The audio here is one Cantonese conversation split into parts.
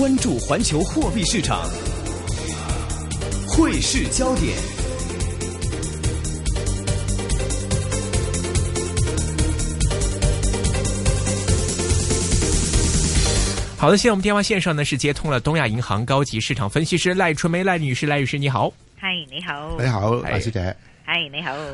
關注環球貨幣市場，匯市焦點。好的，現在我們電話線上呢是接通了東亞銀行高級市場分析師賴春梅，賴女士，賴女士你好。係你好，你好賴是小姐。係你好。誒、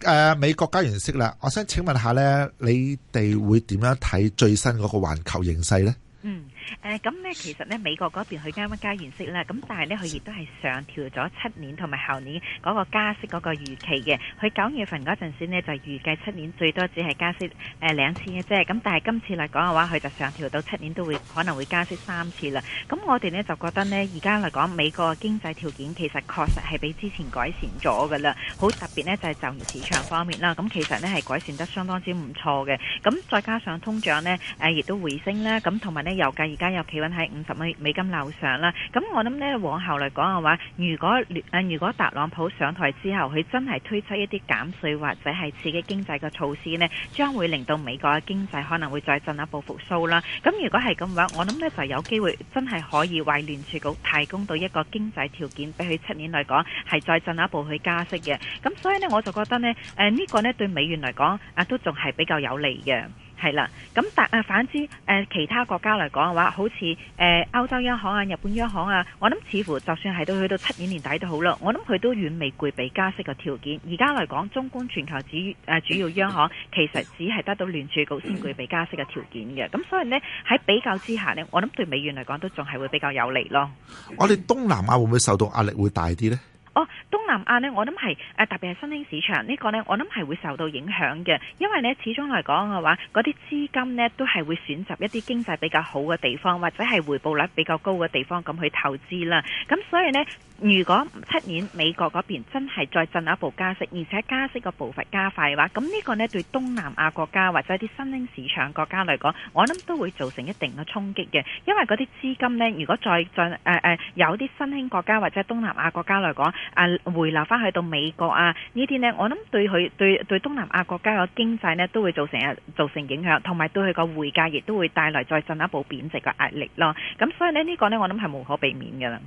呃，美國加完息啦，我想請問下呢，你哋會點樣睇最新嗰個環球形勢呢？嗯。誒，咁呢、呃，其實呢，美國嗰邊佢啱啱加完息啦，咁但係呢，佢亦都係上調咗出年同埋後年嗰個加息嗰個預期嘅。佢九月份嗰陣時呢，就預計出年最多只係加息誒兩、呃、次嘅啫，咁但係今次嚟講嘅話，佢就上調到出年都會可能會加息三次啦。咁我哋呢，就覺得呢，而家嚟講美國嘅經濟條件其實確實係比之前改善咗噶啦，好特別呢，就係、是、就業市場方面啦。咁其實呢，係改善得相當之唔錯嘅，咁再加上通脹呢，誒、呃、亦都回升啦。咁同埋呢，又計。而家又企穩喺五十蚊美金樓上啦，咁我諗呢，往後嚟講嘅話，如果如果特朗普上台之後，佢真係推出一啲減稅或者係刺激經濟嘅措施呢，將會令到美國嘅經濟可能會再進一步復甦啦。咁如果係咁嘅話，我諗呢就有機會真係可以為聯儲局提供到一個經濟條件，俾佢七年嚟講係再進一步去加息嘅。咁所以呢，我就覺得呢，誒、呃、呢、這個呢對美元嚟講啊，都仲係比較有利嘅。係啦，咁但啊，反之，誒、呃、其他國家嚟講嘅話，好似誒、呃、歐洲央行啊、日本央行啊，我諗似乎就算係到去到七年年底都好咯。我諗佢都遠未具備加息嘅條件。而家嚟講，中觀全球主誒、呃、主要央行其實只係得到聯儲局先具備加息嘅條件嘅。咁所以呢，喺比較之下呢，我諗對美元嚟講都仲係會比較有利咯。我哋東南亞會唔會受到壓力會大啲呢？哦，東南亞呢，我諗係誒特別係新興市場呢，這個呢，我諗係會受到影響嘅，因為呢，始終嚟講嘅話，嗰啲資金呢都係會選擇一啲經濟比較好嘅地方，或者係回報率比較高嘅地方咁去投資啦。咁所以呢，如果出年美國嗰邊真係再進一步加息，而且加息個步伐加快嘅話，咁呢個呢，對東南亞國家或者啲新興市場國家嚟講，我諗都會造成一定嘅衝擊嘅，因為嗰啲資金呢，如果再再誒誒、呃呃、有啲新興國家或者東南亞國家嚟講。啊，回流翻去到美國啊呢啲呢，我諗對佢對對東南亞國家個經濟呢，都會造成啊造成影響，同埋對佢個匯價亦都會帶來再進一步貶值嘅壓力咯，啊。咁，啊，所以呢，呢個呢，我諗係無可避免噶啦。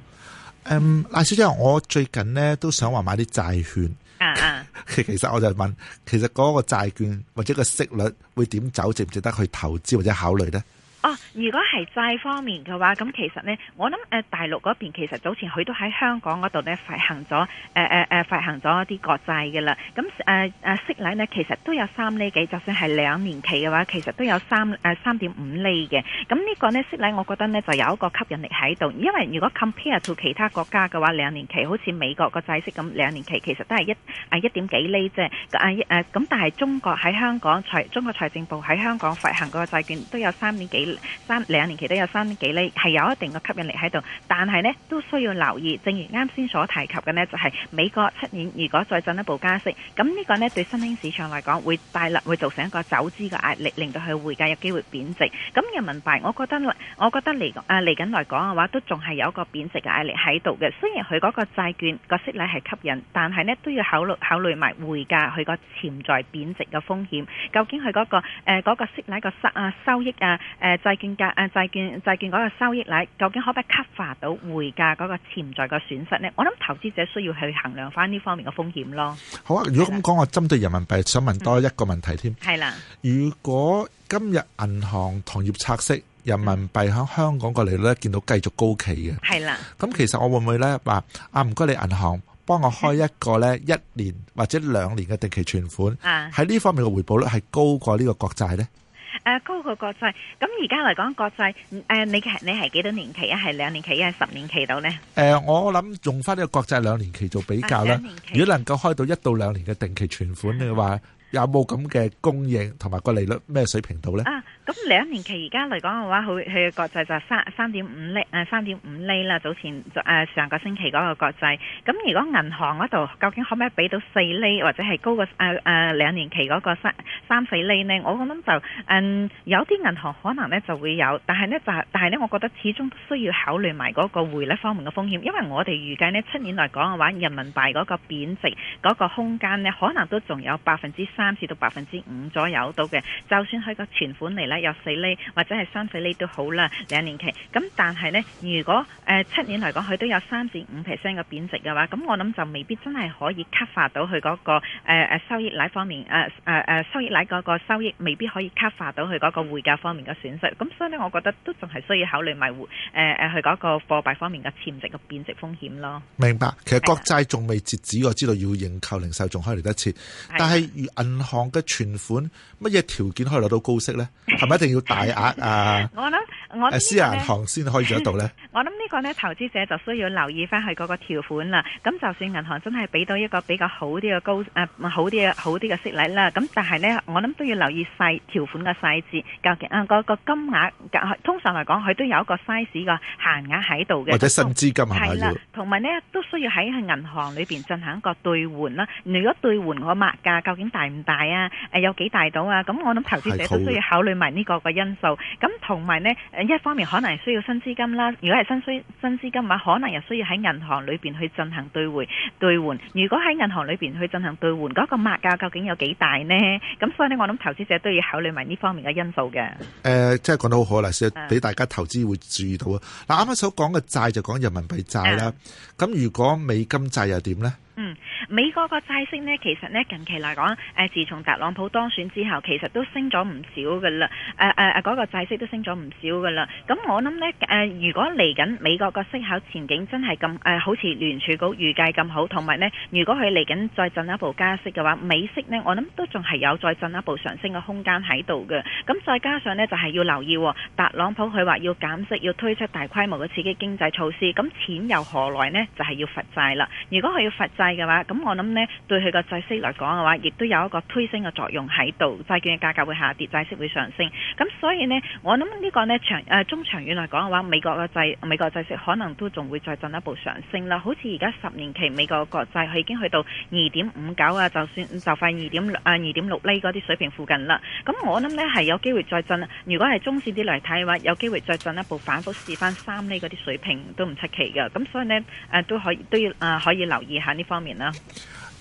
嗯，賴小姐，我最近呢，都想話買啲債券啊啊， 其實我就問，其實嗰個債券或者個息率會點走，值唔值得去投資或者考慮呢？哦，如果係債方面嘅話，咁、嗯、其實呢，我諗誒、呃、大陸嗰邊其實早前佢都喺香港嗰度呢，發行咗誒誒誒發行咗一啲國債嘅啦。咁誒誒息率呢，其實都有三厘幾，就算係兩年期嘅話，其實都有三誒三點五厘嘅。咁、嗯、呢、這個呢，息率，我覺得呢，就有一個吸引力喺度，因為如果 compare to 其他國家嘅話，兩年期好似美國個債息咁，兩年期其實都係一誒一點幾厘啫。誒、啊、咁、啊啊，但係中國喺香港財中國財政部喺香港發行嗰個債券都有三點幾厘。三兩年期都有三幾厘，係有一定嘅吸引力喺度，但係呢都需要留意。正如啱先所提及嘅呢，就係美國七年如果再進一步加息，咁呢個呢對新興市場嚟講會帶嚟，會造成一個走資嘅壓力，令到佢匯價有機會貶值。咁人民幣，我覺得我覺得嚟啊嚟緊嚟講嘅話，都仲係有一個貶值嘅壓力喺度嘅。雖然佢嗰個債券個息率係吸引，但係呢都要考慮考慮埋匯價佢個潛在貶值嘅風險。究竟佢嗰個誒個息率個收啊收益啊誒。債券價啊，債券債券嗰個收益率究竟可唔可以 cover 到匯價嗰個潛在嘅損失咧？我諗投資者需要去衡量翻呢方面嘅風險咯。好啊，如果咁講，我針對人民幣想問多一個問題添。係啦。如果今日銀行同業拆息，人民幣喺香港過嚟咧，見到繼續高企嘅。係啦。咁其實我會唔會咧話啊？唔該你銀行幫我開一個咧一年或者兩年嘅定期存款。啊。喺呢方面嘅回報率係高過呢個國債咧？誒、啊，高過國債。咁而家嚟講，國債誒、啊，你係你係幾多年期啊？係兩年期啊，十年期到咧？誒、呃，我諗用翻呢個國債兩年期做比較啦。啊、如果能夠開到一到兩年嘅定期存款嘅話，你話有冇咁嘅供應同埋個利率咩水平到咧？啊咁兩年期而家嚟講嘅話，佢佢國際就三三點五厘，誒三點五厘啦。早前誒、呃、上個星期嗰個國際，咁如果銀行嗰度究竟可唔可以俾到四厘或者係高過誒誒兩年期嗰個三三四厘呢？我諗就誒、嗯、有啲銀行可能咧就會有，但係呢，就係、是、但係呢，我覺得始終都需要考慮埋嗰個匯率方面嘅風險，因為我哋預計呢，七年嚟講嘅話，人民幣嗰個貶值嗰個空間呢，可能都仲有百分之三至到百分之五左右到嘅。就算佢個存款嚟有四厘或者係三四厘都好啦，兩年期。咁但係呢，如果誒七年嚟講，佢都有三至五 percent 嘅貶值嘅話，咁我諗就未必真係可以 cover 到佢嗰、那個誒誒、呃、收益乃方面誒誒誒收益乃嗰個收益，未必可以 cover 到佢嗰個匯價方面嘅損失。咁所以呢，我覺得都仲係需要考慮埋誒誒佢嗰個貨幣方面嘅潛值嘅貶值風險咯。明白。其實國債仲未截止，的我知道要認購零售仲可以嚟得切。但係的銀行嘅存款乜嘢條件可以攞到高息呢？ 係咪一定要大額啊？我諗 我私銀行先可以做到咧。我諗呢個咧，投資者就需要留意翻佢嗰個條款啦。咁就算銀行真係俾到一個比較好啲嘅高誒、啊，好啲嘅好啲嘅息率啦。咁但係咧，我諗都要留意細條款嘅細節，究竟啊嗰個，個金額，啊，通常嚟講佢都有一個 size 個限額喺度嘅。或者新資金係啦，同埋咧都需要喺銀行裏邊進行一個兌換啦。如果兌換我抹價究竟大唔大啊？誒、啊，有幾大到啊？咁我諗投資者都需要考慮埋。呢個個因素，咁同埋咧，誒一方面可能係需要新資金啦。如果係新需新資金嘅話，咁可能又需要喺銀行裏邊去進行兌匯兌換。如果喺銀行裏邊去進行兌換，嗰個賣價究竟有幾大咧？咁所以咧，我諗投資者都要考慮埋呢方面嘅因素嘅。誒，即係講得好可能，所以俾大家投資會注意到啊。嗱，啱啱所講嘅債就講人民幣債啦。咁如果美金債又點咧？嗯，美國個債息呢，其實呢，近期嚟講，誒、呃、自從特朗普當選之後，其實都升咗唔少噶啦，誒誒誒嗰個債息都升咗唔少噶啦。咁、嗯、我諗呢，誒、呃、如果嚟緊美國個息口前景真係咁，誒、呃、好似聯儲局預計咁好，同埋呢，如果佢嚟緊再進一步加息嘅話，美息呢，我諗都仲係有再進一步上升嘅空間喺度嘅。咁、嗯、再加上呢，就係、是、要留意、哦、特朗普佢話要減息，要推出大規模嘅刺激經濟措施，咁、嗯、錢又何來呢？就係、是、要發債啦。如果佢要發債，嘅話，咁我諗呢對佢個債息嚟講嘅話，亦都有一個推升嘅作用喺度，債券嘅價格會下跌，債息會上升。咁所以呢，我諗呢個呢長誒、呃、中長遠嚟講嘅話，美國嘅債美國債息可能都仲會再進一步上升啦。好似而家十年期美國國債佢已經去到二點五九啊，就算就快二點啊二點六厘嗰啲水平附近啦。咁我諗呢係有機會再進。如果係中線啲嚟睇嘅話，有機會再進一步反覆試翻三厘嗰啲水平都唔出奇嘅。咁所以呢，誒、呃、都可以都要誒、呃、可以留意下呢。方面咧，誒、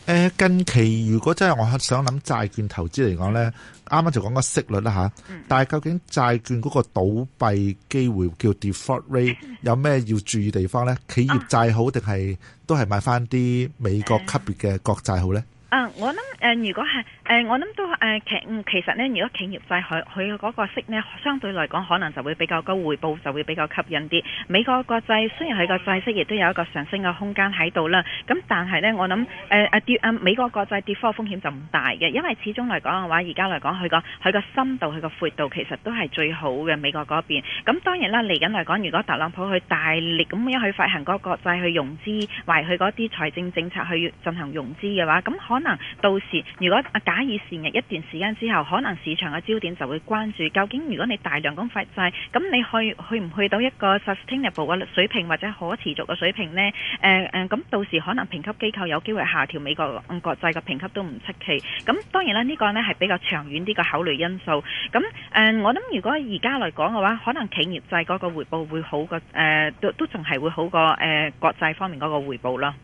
呃、近期如果真係我想諗債券投資嚟講咧，啱啱、嗯、就講個息率啦、啊、嚇，嗯、但係究竟債券嗰個倒閉機會叫 default rate、嗯、有咩要注意地方咧？企業債好定係、嗯、都係買翻啲美國級別嘅國債好咧？嗯嗯嗯。啊，uh, 我諗誒，uh, 如果係誒，uh, 我諗都誒，其、uh, 其實咧，如果企業債佢佢嗰個息呢，相對嚟講可能就會比較高，回報就會比較吸引啲。美國國債雖然佢個債息亦都有一個上升嘅空間喺度啦，咁但係呢，我諗誒誒跌誒美國國債跌幅風險就唔大嘅，因為始終嚟講嘅話，而家嚟講佢個佢個深度佢個闊度其實都係最好嘅美國嗰邊。咁當然啦，嚟緊嚟講，如果特朗普去大力咁樣去發行嗰個國債去融資，為佢嗰啲財政政策去進行融資嘅話，咁可能可能到時，如果啊假以時日一段時間之後，可能市場嘅焦點就會關注究竟如果你大量咁發債，咁你去去唔去到一個 sustainable 嘅水平或者可持續嘅水平呢？誒、呃、誒，咁、嗯、到時可能評級機構有機會下調美國、嗯、國際嘅評級都唔出奇。咁、嗯、當然啦，這個、呢個咧係比較長遠啲嘅考慮因素。咁、嗯、誒、呃，我諗如果而家嚟講嘅話，可能企業債嗰個回報會好過誒、呃，都都仲係會好過誒、呃、國際方面嗰個回報咯。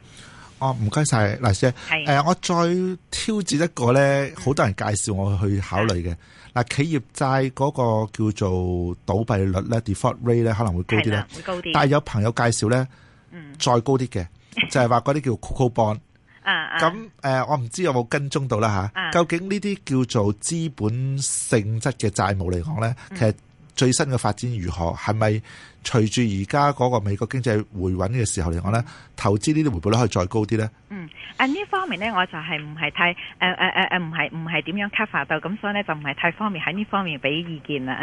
哦，唔該晒，黎 Sir 係、啊，誒、呃，我再挑戰一個咧，好多人介紹我去考慮嘅。嗱、嗯，企業債嗰個叫做倒閉率咧，default rate 咧，可能會高啲咧。啦、啊，會高啲。但係有朋友介紹咧，嗯，再高啲嘅，就係話嗰啲叫 CoCo Bond 啊啊。咁、啊，誒，我唔知有冇跟蹤到啦吓。究竟呢啲叫做資本性質嘅債務嚟講咧，其實、嗯？嗯最新嘅發展如何？係咪隨住而家嗰個美國經濟回穩嘅時候嚟講咧，投資呢啲回報率可以再高啲咧？嗯，喺、啊、呢方面咧，我就係唔係太誒誒誒誒，唔係唔係點樣 cover 到，咁所以咧就唔係太方便喺呢方面俾意見啦。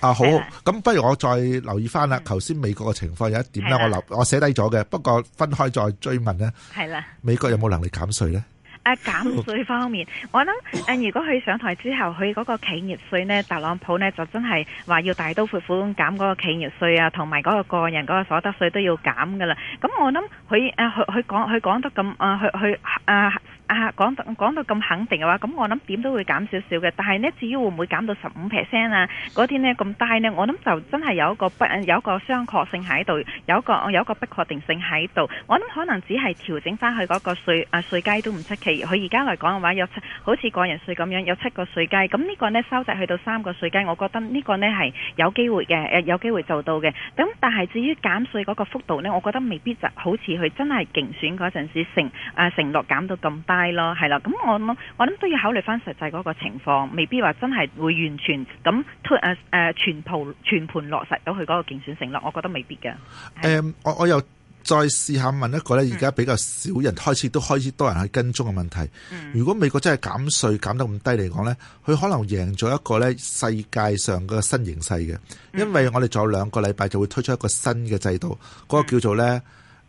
啊，uh, uh, 啊啊好，好，咁、啊、不如我再留意翻啦。頭先美國嘅情況有一點咧、啊，我留我寫低咗嘅，不過分開再追問咧。係啦。美國有冇能力減稅咧？誒、啊，減稅方面，我諗誒、啊，如果佢上台之後，佢嗰個企業稅呢，特朗普呢就真係話要大刀闊斧咁減嗰個企業稅啊，同埋嗰個個人嗰個所得稅都要減噶啦。咁、嗯、我諗佢誒，佢佢講佢講得咁誒，佢佢誒。啊，講到講到咁肯定嘅話，咁我諗點都會減少少嘅。但係呢，至於會唔會減到十五 percent 啊？嗰啲呢咁低呢，我諗就真係有一個不有一個雙確性喺度，有一個有一個、有一個不確定性喺度。我諗可能只係調整翻去嗰個稅啊稅階都唔出奇。佢而家嚟講嘅話，有七好似個人稅咁樣有七個稅階。咁呢個呢，收窄去到三個稅階，我覺得呢個呢係有機會嘅、啊，有機會做到嘅。咁但係至於減稅嗰個幅度呢，我覺得未必就好似佢真係競選嗰陣時承誒、啊、承諾減到咁低。係咯，係啦，咁我我諗都要考慮翻實際嗰個情況，未必話真係會完全咁推誒誒全部全盤落實到佢嗰個競選承諾，我覺得未必嘅。誒，我我又再試下問一個咧，而家比較少人開始都開始多人去跟蹤嘅問題。嗯，如果美國真係減稅減得咁低嚟講咧，佢可能贏咗一個咧世界上嘅新形勢嘅，因為我哋仲有兩個禮拜就會推出一個新嘅制度，嗰個叫做咧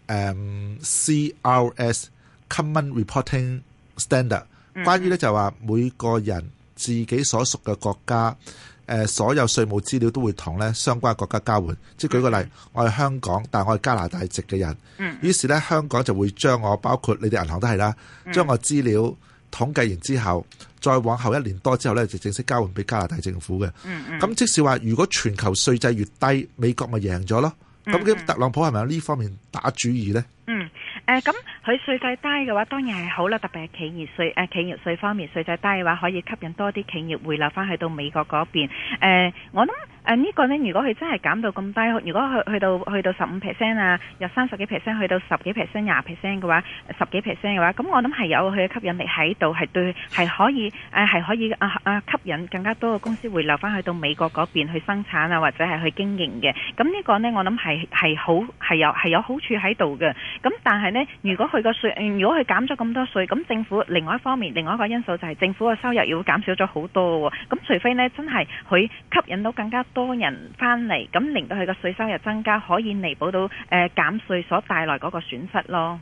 誒 CRS。Common Reporting Standard，嗯、關於咧就話每個人自己所屬嘅國家，誒、呃、所有稅務資料都會同咧相關國家交換，即係舉個例，嗯、我係香港，但係我係加拿大籍嘅人，於、嗯、是咧香港就會將我包括你哋銀行都係啦，將、嗯、我資料統計完之後，再往後一年多之後咧就正式交換俾加拿大政府嘅。咁、嗯嗯、即使話如果全球稅制越低，美國咪贏咗咯？咁特朗普係咪喺呢方面打主意咧？誒，咁佢稅制低嘅話，當然係好啦，特別係企業稅，誒、呃，企業稅方面稅制低嘅話，可以吸引多啲企業回流翻去到美國嗰邊。誒、呃，我諗。誒呢個咧，如果佢真係減到咁低，如果去去到去到十五 percent 啊，由三十幾 percent 去到十幾 percent、廿 percent 嘅話，十幾 percent 嘅話，咁我諗係有佢嘅吸引力喺度，係對，係可以，誒係可以，啊啊吸引更加多嘅公司回流翻去到美國嗰邊去生產啊，或者係去經營嘅。咁呢個咧，我諗係係好係有係有好處喺度嘅。咁但係咧，如果佢個稅，如果佢減咗咁多稅，咁政府另外一方面，另外一個因素就係政府嘅收入要減少咗好多喎。咁除非咧，真係佢吸引到更加，多人返嚟，咁令到佢嘅稅收又增加，可以彌補到誒減稅所帶來嗰個損失咯。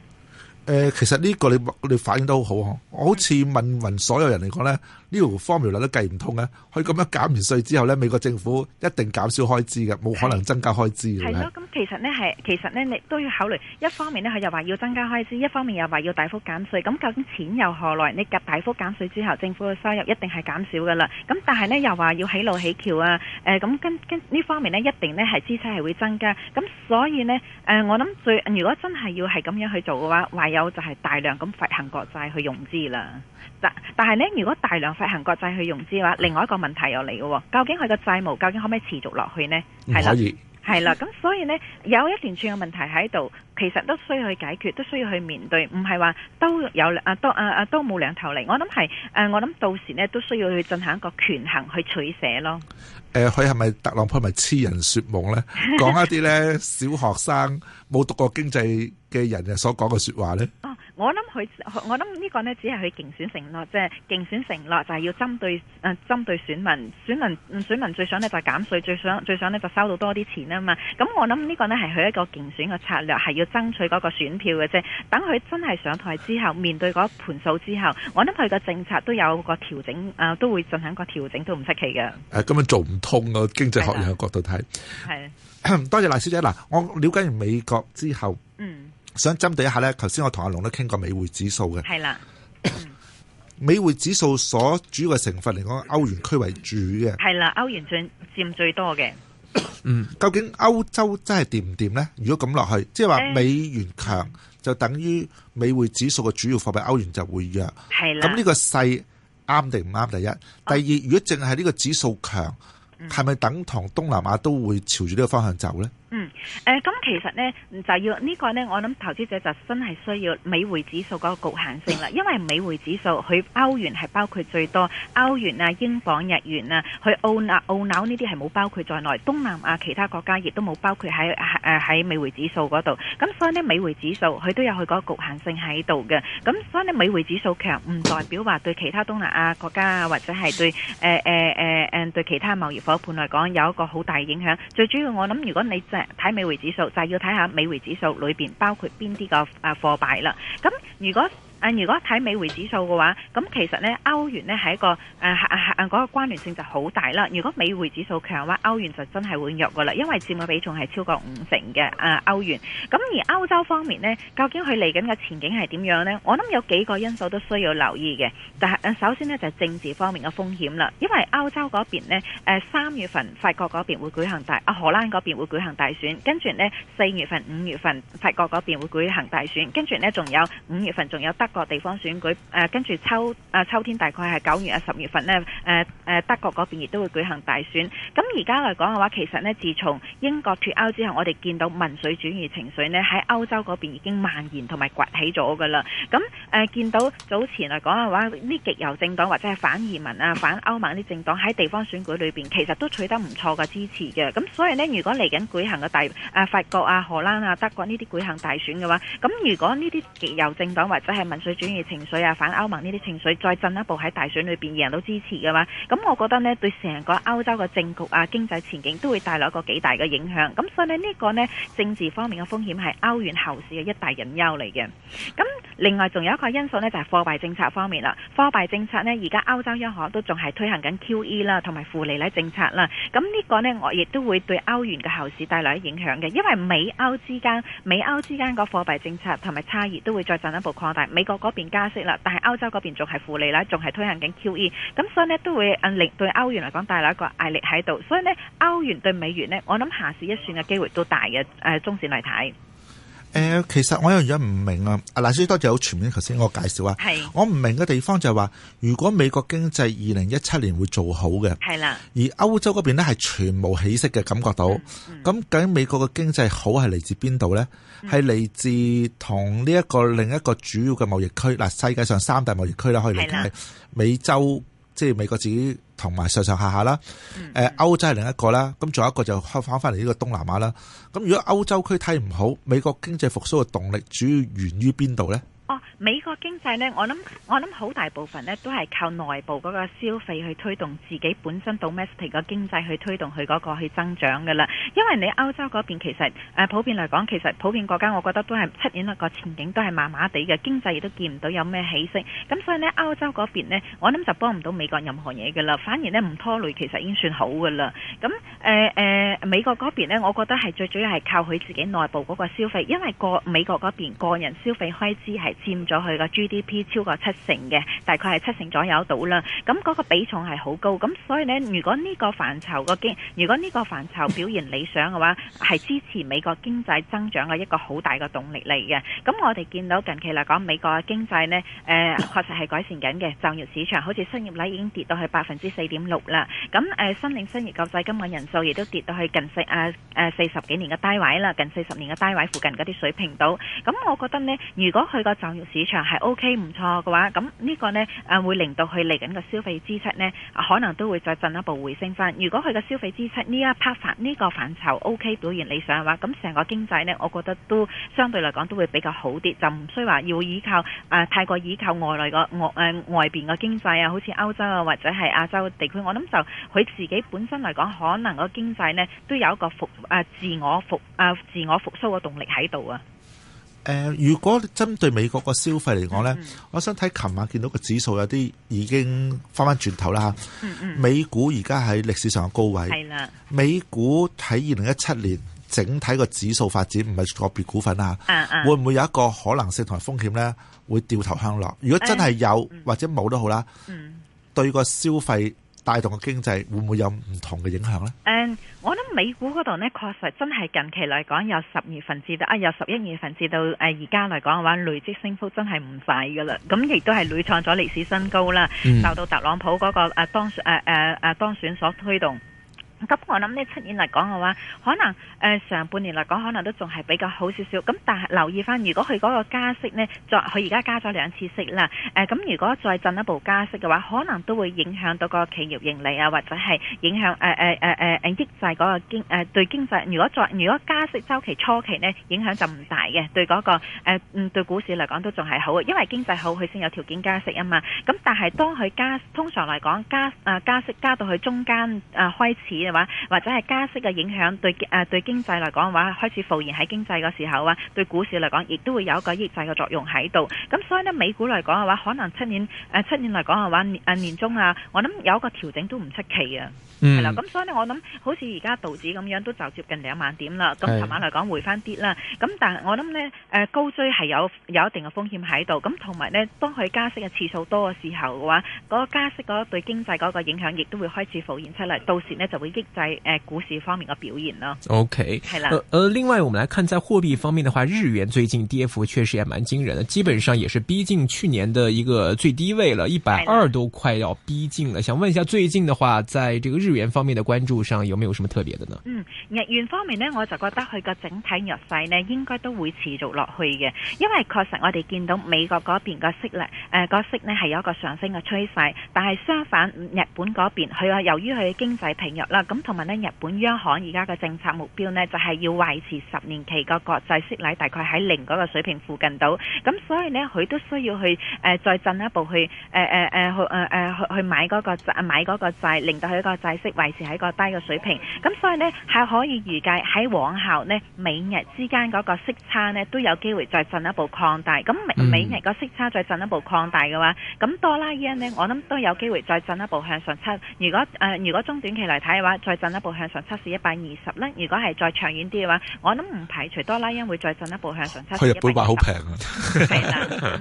誒，其實呢個你你反映得好好，我好似問勻所有人嚟講咧，呢條 formula 都計唔通嘅。佢咁樣減完稅之後咧，美國政府一定減少開支嘅，冇可能增加開支嘅。係咯，咁其實咧係，其實咧你都要考慮一方面咧，佢又話要增加開支，一方面又話要大幅減稅。咁究竟錢又何來？你大幅減稅之後，政府嘅收入一定係減少噶啦。咁但係咧又話要起路起橋啊。誒，咁跟跟呢方面咧，一定咧係支出係會增加。咁所以咧，誒，我諗最如果真係要係咁樣去做嘅話，為有就係大量咁發行國債去融資啦，但但係呢，如果大量發行國債去融資嘅話，另外一個問題又嚟嘅，究竟佢個債務究竟可唔可以持續落去呢？係啦。係啦，咁所以呢，有一連串嘅問題喺度，其實都需要去解決，都需要去面對，唔係話都有啊，都啊啊都冇兩頭嚟。我諗係誒，我諗到時呢，都需要去進行一個權衡去取捨咯。誒、呃，佢係咪特朗普咪痴人說夢呢？講一啲呢，小學生冇 讀過經濟嘅人誒所講嘅說話呢。我諗佢，我諗呢個咧，只係佢競選承諾，即係競選承諾就係要針對誒，針、啊、對選民，選民、嗯、選民最想呢就減稅，最想最想呢就收到多啲錢啊嘛。咁、嗯、我諗呢個呢係佢一個競選嘅策略，係要爭取嗰個選票嘅啫。等佢真係上台之後，面對嗰盤數之後，我諗佢個政策都有個調整，誒、啊、都會進行個調整，都唔出奇嘅。誒、啊，咁樣做唔通咯，經濟學人嘅角度睇。係。多謝賴小姐。嗱，我了解完美國之後。嗯。想針對一下咧，頭先我同阿龍都傾過美匯指數嘅，係啦的，美匯指數所主要嘅成分嚟講，歐元區為主嘅，係啦，歐元最佔最多嘅。嗯，究竟歐洲真係掂唔掂咧？如果咁落去，即係話美元強，就等於美匯指數嘅主要貨幣歐元就會弱，係啦的。咁呢個勢啱定唔啱？第一，第二，如果淨係呢個指數強，係咪、嗯、等同東南亞都會朝住呢個方向走咧？嗯，誒、呃、咁、嗯、其實呢，就要呢、這個呢。我諗投資者就真係需要美匯指數嗰個局限性啦，因為美匯指數佢歐元係包括最多歐元啊、英鎊、日元啊，佢澳納澳紐呢啲係冇包括在內，東南亞其他國家亦都冇包括喺喺喺美匯指數嗰度，咁、嗯、所以呢，美匯指數佢都有佢嗰個局限性喺度嘅，咁、嗯、所以呢，美匯指數強唔代表話對其他東南亞國家啊，或者係對誒誒誒誒對其他貿易夥伴嚟講有一個好大影響，最主要我諗如果你睇美匯指數就係要睇下美匯指數裏邊包括邊啲個誒貨幣啦，咁啊如果。如果睇美匯指數嘅話，咁其實咧歐元咧係一個誒誒誒嗰個關聯性就好大啦。如果美匯指數強嘅話，歐元就真係會弱噶啦，因為佔嘅比重係超過五成嘅誒歐元。咁而歐洲方面呢，究竟佢嚟緊嘅前景係點樣呢？我諗有幾個因素都需要留意嘅。但係首先呢，就係政治方面嘅風險啦，因為歐洲嗰邊咧三月份法國嗰邊會舉行大，啊荷蘭嗰邊會舉行大選，跟住呢，四月份五月份法國嗰邊會舉行大選，跟住呢，仲有五月份仲有，有德國各地方選舉誒，跟住秋啊秋天大概係九月啊十月份咧，誒誒德國嗰邊亦都會舉行大選。咁而家嚟講嘅話，其實咧，自從英國脱歐之後，我哋見到民粹主義情緒咧喺歐洲嗰邊已經蔓延同埋崛起咗㗎喇。咁誒見到早前嚟講嘅話，呢極右政黨或者係反移民啊、反歐盟啲政黨喺地方選舉裏邊，其實都取得唔錯嘅支持嘅。咁所以咧，如果嚟緊舉行嘅大誒法國啊、荷蘭啊、德國呢啲舉行大選嘅話，咁如果呢啲極右政黨或者係反水轉移情緒啊，反歐盟呢啲情緒再進一步喺大選裏邊贏到支持嘅話，咁我覺得呢對成個歐洲嘅政局啊、經濟前景都會帶來一個幾大嘅影響。咁所以呢呢個呢政治方面嘅風險係歐元後市嘅一大隱憂嚟嘅。咁另外仲有一個因素呢，就係貨幣政策方面啦。貨幣政策呢，而家歐洲央行都仲係推行緊 QE 啦，同埋負利率政策啦。咁呢個呢，我亦都會對歐元嘅後市帶來影響嘅，因為美歐之間、美歐之間個貨幣政策同埋差異都會再進一步擴大。美國嗰邊加息啦，但係歐洲嗰邊仲係負利率，仲係推行緊 QE，咁所以咧都會令對歐元嚟講帶來一個壓力喺度，所以咧歐元對美元咧，我諗下試一算嘅機會都大嘅，誒、呃，中線嚟睇。誒、呃，其實我有樣唔明啊！阿賴小姐多謝好全面，頭先我介紹啊，的我唔明嘅地方就係話，如果美國經濟二零一七年會做好嘅，係啦的，而歐洲嗰邊呢係全無起色嘅感覺到。咁、嗯嗯、究竟美國嘅經濟好係嚟自邊度呢？係嚟、嗯嗯、自同呢、這、一個另一個主要嘅貿易區嗱，世界上三大貿易區啦，可以理解的美洲。即係美國自己同埋上上下下啦，誒歐洲係另一個啦，咁仲有一個就翻翻嚟呢個東南亞啦。咁如果歐洲區睇唔好，美國經濟復甦嘅動力主要源於邊度咧？美國經濟呢，我諗我諗好大部分呢都係靠內部嗰個消費去推動自己本身 domestic 個經濟去推動佢嗰個去增長噶啦。因為你歐洲嗰邊其實誒、啊、普遍嚟講，其實普遍國家我覺得都係出現一個前景都係麻麻地嘅經濟，亦都見唔到有咩起色。咁所以呢，歐洲嗰邊呢，我諗就幫唔到美國任何嘢噶啦，反而呢唔拖累其實已經算好噶啦。咁誒誒美國嗰邊呢，我覺得係最主要係靠佢自己內部嗰個消費，因為個美國嗰邊個人消費開支係佔咗，到去個 GDP 超過七成嘅，大概係七成左右到啦。咁、嗯、嗰、那個比重係好高，咁所以咧，如果呢個範疇個經，如果呢個範疇表現理想嘅話，係支持美國經濟增長嘅一個好大嘅動力嚟嘅。咁、嗯、我哋見到近期嚟講，美國經濟呢誒、呃、確實係改善緊嘅。就業市場好似失業率已經跌到去百分之四點六啦。咁、嗯、誒，新領失業救濟金嘅人數亦都跌到去近四啊誒四十幾年嘅低位啦，近四十年嘅低位附近嗰啲水平度。咁、嗯、我覺得呢，如果佢個就業市場係 OK 唔錯嘅話，咁呢個呢誒、啊、會令到佢嚟緊嘅消費支出呢、啊，可能都會再進一步回升返。如果佢嘅消費支出呢一 part 範呢個範疇 OK 表現理想嘅話，咁成個經濟呢，我覺得都相對嚟講都會比較好啲，就唔需要話要依靠誒太過依靠外來個外誒、呃、外邊嘅經濟啊，好似歐洲啊或者係亞洲地區，我諗就佢自己本身嚟講，可能個經濟呢，都有一個復誒、啊、自我復誒、啊、自我復甦嘅動力喺度啊。誒、呃，如果針對美國個消費嚟講呢、嗯嗯、我想睇琴晚見到個指數有啲已經翻翻轉頭啦嚇。嗯嗯、美股而家喺歷史上嘅高位，嗯嗯、美股喺二零一七年整體個指數發展唔係個別股份啊。嗯嗯、會唔會有一個可能性同埋風險呢？會掉頭向落。如果真係有、嗯嗯嗯、或者冇都好啦，對個消費。帶動嘅經濟會唔會有唔同嘅影響呢？誒，uh, 我諗美股嗰度咧，確實真係近期嚟講，由十月份至到啊，由十一月份至到誒而家嚟講嘅話，累積升幅真係唔快噶啦。咁亦都係累創咗歷史新高啦，受、mm. 到特朗普嗰、嗰個誒、啊、當誒誒誒當選所推動。咁我諗呢，出年嚟講嘅話，可能誒上半年嚟講，可能都仲係比較好少少。咁但係留意返，如果佢嗰個加息呢，再佢而家加咗兩次息啦。誒咁，如果再進一步加息嘅話，可能都會影響到個企業盈利啊，或者係影響誒誒誒誒誒抑制嗰個經誒對經濟。如果再如果加息週期初期呢，影響就唔大嘅，對嗰個誒嗯對股市嚟講都仲係好嘅，因為經濟好，佢先有條件加息啊嘛。咁但係當佢加通常嚟講加啊加息加到佢中間啊開始啊。或者係加息嘅影響對誒對經濟嚟講嘅話開始浮現喺經濟嘅時候啊，對股市嚟講亦都會有一個抑制嘅作用喺度。咁所以呢，美股嚟講嘅話，可能七年誒七年嚟講嘅話誒年，年終啊，我諗有一個調整都唔出奇啊。係啦，咁所以咧，我諗好似而家道指咁樣，都就接近兩萬點啦。咁琴晚嚟講回翻啲啦，咁但係我諗呢，誒高追係有有一定嘅風險喺度。咁同埋呢，當佢加息嘅次數多嘅時候嘅話，嗰、那個加息嗰個對經濟嗰個影響，亦都會開始浮現出嚟。到時呢，就會抑制誒股市方面嘅表現咯。OK，係啦的、呃呃。另外我們來看在貨幣方面嘅話，日元最近跌幅確實也蠻驚人，基本上也是逼近去年嘅一個最低位啦，一百二都快要逼近啦。的想問一下最近嘅話，在這個日日元方面嘅關注上有沒有什麼特別的呢？嗯，日元方面呢，我就覺得佢個整體弱勢呢，應該都會持續落去嘅。因為確實我哋見到美國嗰邊個息率，誒、呃、個息呢係有一個上升嘅趨勢，但係相反日本嗰邊佢話，由於佢經濟疲弱啦，咁同埋呢，日本央行而家嘅政策目標呢，就係、是、要維持十年期個國債息率大概喺零嗰個水平附近度。咁、啊、所以呢，佢都需要去誒、呃、再進一步去誒誒誒去誒誒去去買嗰、那個債買嗰個債令到佢個債。即維持喺個低嘅水平，咁所以呢係可以預計喺往後呢，美日之間嗰個息差呢都有機會再進一步擴大。咁美日個息差再進一步擴大嘅話，咁、嗯、多拉 yen 呢，我諗都有機會再進一步向上測。如果誒、呃、如果中短期嚟睇嘅話，再進一步向上測試一百二十呢。如果係再長遠啲嘅話，我諗唔排除多拉 yen 會再進一步向上測。佢日本白好平啊。係啦。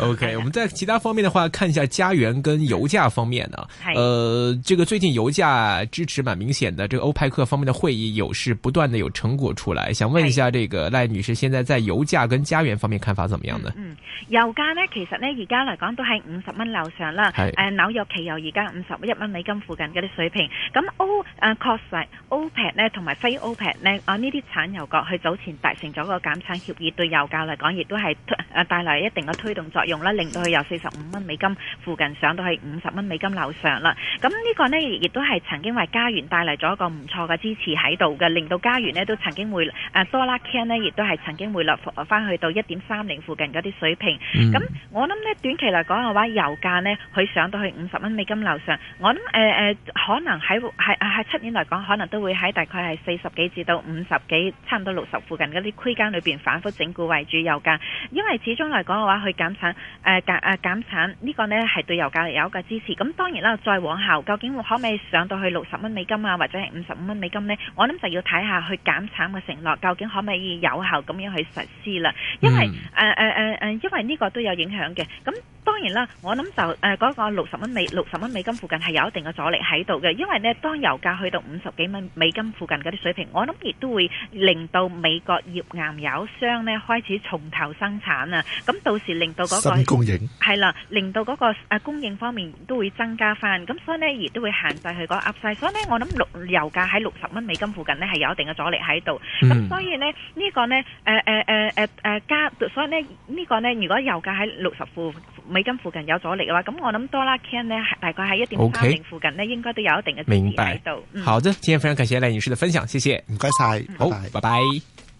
O K，我們在其他方面嘅話，看一下加元跟油價方面啊。係 Yeah.。誒，這個最近油。價支持蠻明顯的，這個歐派克方面的會議有事不斷的有成果出來，想問一下這個賴女士，現在在油價跟加元方面看法怎麼樣呢？嗯，油價呢，其實呢，而家嚟講都喺五十蚊樓上啦，誒是、呃、紐約期油而家五十一蚊美金附近嘅啲水平，咁歐誒確實歐佩克呢同埋非歐佩克呢啊呢啲產油國佢早前達成咗個減產協議，對油價嚟講亦都係誒帶來一定嘅推動作用啦，令到佢由四十五蚊美金附近上到去五十蚊美金樓上啦，咁呢個呢，亦都。都係曾經為加元帶嚟咗一個唔錯嘅支持喺度嘅，令到加元呢都曾經會誒、啊、多拉 can 呢亦都係曾經會回落翻去到一點三零附近嗰啲水平。咁、mm. 嗯、我諗呢短期嚟講嘅話，油價呢佢上到去五十蚊美金樓上，我諗誒誒可能喺係係七年嚟講，可能都會喺大概係四十幾至到五十幾，差唔多六十附近嗰啲區間裏邊反覆整固為主油價，因為始終嚟講嘅話，佢減產誒減誒減產呢個呢係對油價有一個支持。咁、嗯、當然啦，再往後究竟可唔可以？上到去六十蚊美金啊，或者係五十五蚊美金咧，我諗就要睇下去減產嘅承諾，究竟可唔可以有效咁樣去實施啦？因為誒誒誒誒，因為呢個都有影響嘅，咁。當然啦，我諗就誒嗰個六十蚊美六十蚊美金附近係有一定嘅阻力喺度嘅，因為咧當油價去到五十幾蚊美金附近嗰啲水平，我諗亦都會令到美國頁岩油商咧開始重頭生產啊，咁到時令到嗰個供應係啦，令到嗰個誒供應方面都會增加翻，咁所以咧亦都會限制佢個 upside，所以咧我諗六油價喺六十蚊美金附近咧係有一定嘅阻力喺度，咁所以咧呢個咧誒誒誒誒誒加，所以咧呢個咧如果油價喺六十附。美金附近有阻力嘅話，咁我諗多啦 can 咧，大概喺一點三零附近咧，應該都有一定嘅支持喺度。明白。嗯、好的，今天非常感謝賴女士嘅分享，謝謝，唔該晒，好，oh, 拜拜。拜拜。